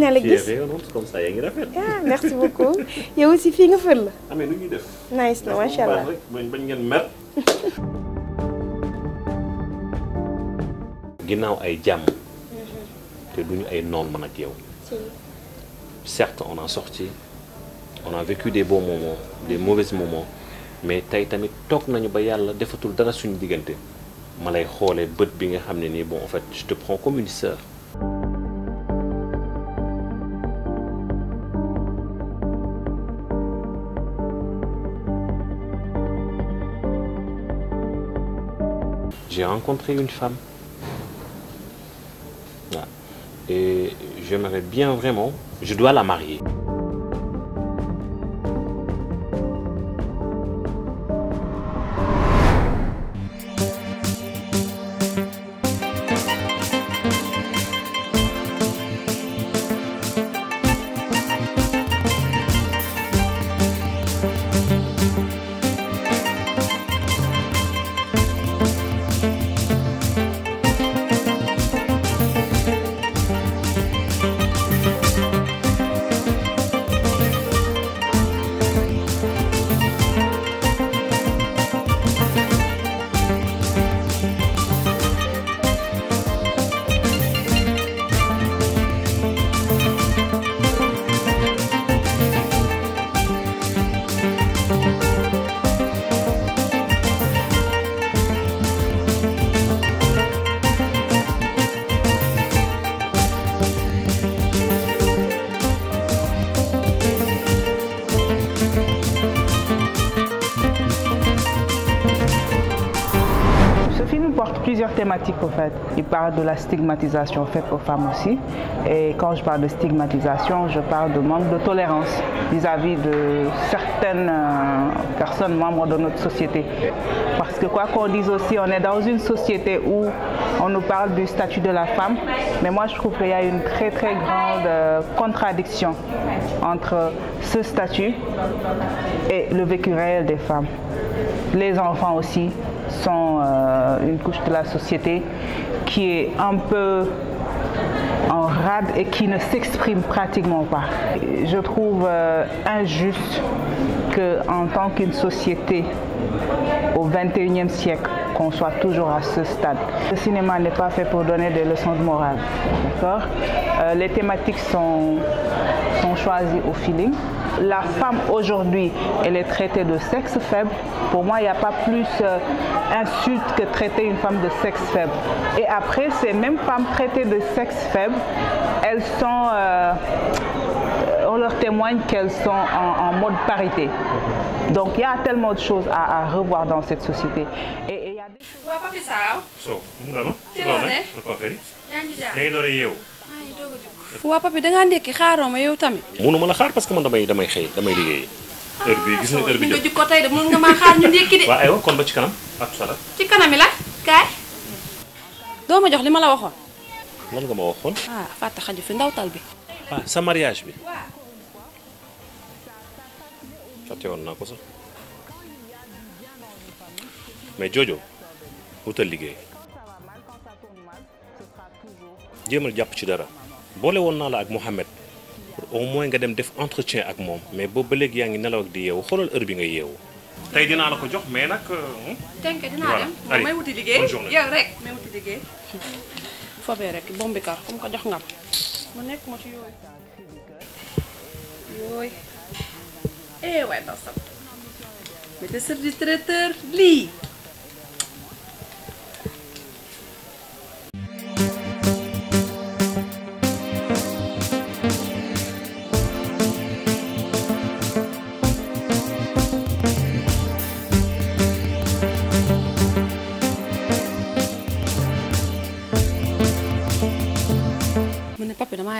na merci beaucoup yow aussi fii nga fër la. amee lu ñuy def. nice na macha allah bañ ngeen mer. ginnaaw ay jam. Mhm. te duñu ay non man ak yow. certes on a sorti on a vécu des bons moments des mhm. mauvais moments mais tay tamit tok nañu ba yalla defatul dara suñu diggante Malay xolé beut bi nga xamné ni bon en fait je te prends comme une sœur. j'ai rencontré une femme. Et j'aimerais bien vraiment, je dois la marier. thématiques, en fait. Il parle de la stigmatisation faite aux femmes aussi. Et quand je parle de stigmatisation, je parle de manque de tolérance vis-à-vis de certaines euh, personnes membres de notre société. Parce que quoi qu'on dise aussi, on est dans une société où on nous parle du statut de la femme, mais moi je trouve qu'il y a une très très grande euh, contradiction entre ce statut et le vécu réel des femmes. Les enfants aussi sont euh, une couche de la société qui est un peu en rade et qui ne s'exprime pratiquement pas. Je trouve euh, injuste qu'en tant qu'une société au 21e siècle, qu'on soit toujours à ce stade. Le cinéma n'est pas fait pour donner des leçons de morale. Euh, les thématiques sont, sont choisies au feeling la femme aujourd'hui, elle est traitée de sexe faible, pour moi, il n'y a pas plus euh, insulte que traiter une femme de sexe faible. Et après, ces mêmes femmes traitées de sexe faible, elles sont... Euh, on leur témoigne qu'elles sont en, mode parité. Donc il y a tellement de choses à, revoir dans cette société. Et, waa papi bi ngaa ndekki xaaroo ma yow tamit. munu ma la xaar parce que man damay damay xëy damay liggéey. heure bi gis nga heure bi nga jug ko la kaay. doo ma jox li ma la waxoon. lan nga ma waxoon. ah fàtte xaju fi ndawtal bi. Ah, sa mariage bi. woon naa ko sax mais Jojo wutal liggéey. jéemal jàpp ci dara. bolé won na la ak mohammed au moins nga dem def entretien ak mom mais bo beleg yaangi yaa nelaw ak di yeewu xolal heure bi nga yeewu. tay dina la ko jox mais nak tanké dina dem may wuti liggéey yow rek may wuti liggéey. fobé rek bombé kar kum ko jox nga mu nek mo ci yoy yoy eh waay daw sax. mais te service traiteur li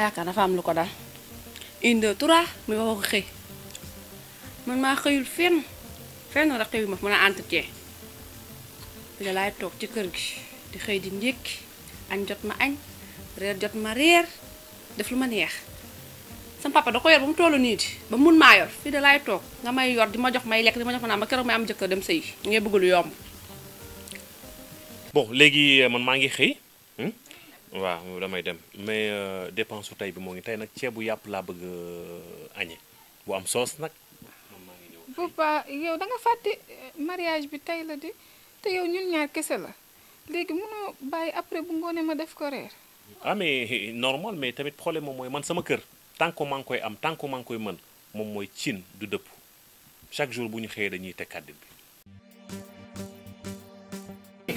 yaakaar dafa am lu ko dal une deux trois muy wax ko xëy man maa xëyul fenn fenn rek xëyu ma mën a entretien bi la laay toog ci kër gi di xëy di njëkki añ jot ma añ reer jot ma reer def lu ma neex sama papa da ko yor ba mu tollu nii di ba mun maa yor fii da laay toog nga may yor di ma jox may lekk di ma jox ma naan ba keroog may am jëkkër dem sëy ngay bëgg lu yomb bon léegi man maa ngi xëy waaw damay dem mais euh, dépense tey bi moo ngi tey nag ceebu yàpp laa bëgg euh, añe bu am soos nag. yow da nga fàtte euh, mariage bi tey la di te yow ñun ñaar kese la léegi après bu ne ma def ko reer. ah mais eh, normal mais tamit problème moom man sama kër tant que maa koy am tant que maa koy mën moom du chaque jour dañuy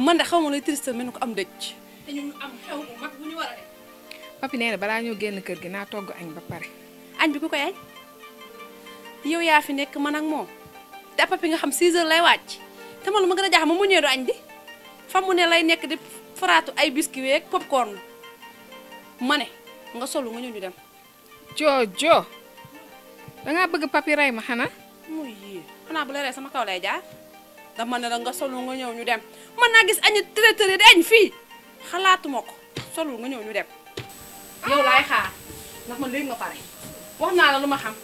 man da xawma lay triste mel ko am decc te ñu am xew bu mag bu ñu wara def. papi neena bala ñu genn génn kër gi na togg añ ba pare. añ bi ku ko yaay yow ya fi nek man ak mo te papi nga xam 6 h lay wacc te man lu ma gëna jax ma mu ñëwee du añ di famu ne lay nek di faraatu ay biscuit weeg popcorn mané nga solo nga ñu ñu dem. joojo da nga bëgg papi ray ma xana muy yi xana bu lay ray sama kaw lay jaar. dama na la nga solul nga ñëw ñu dem man naa gis añu traiteur di añ fii xalaatuma ko solul nga ñëw ñu dem yow laay xaar ndax ma léegi nga pare wax naa la lu ma xam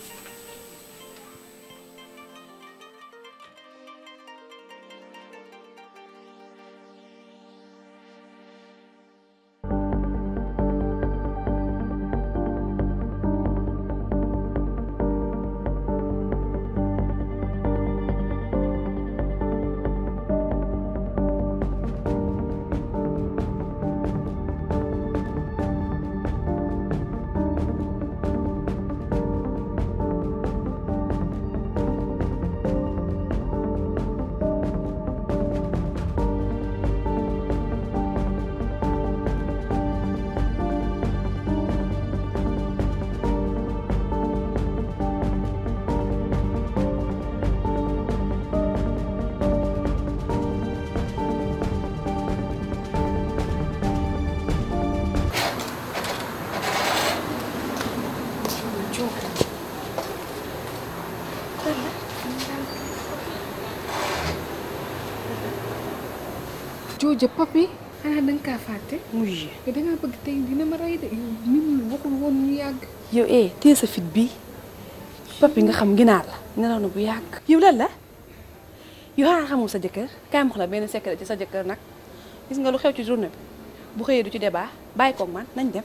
jë papi xanaa da nga kaa fàtte. mujj te da bëgg tey dina ma rey de yow nit waxul woon ñu yàgg. yow eh téye sa fit bii papi nga xam ginaar la nelaw na bu yàgg. yow lan la yow xanaa xamul sa jëkkër kaay ma la benn secret ci sa jëkkër nag gis nga lu xew ci journée bi bu xëyee du ci débat bàyyi koog man nañ dem.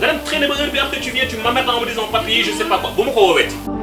nga traîne traîner ba heure bi après tu viens tu m'amènes en me disant papi je sais pas quoi bu mon gros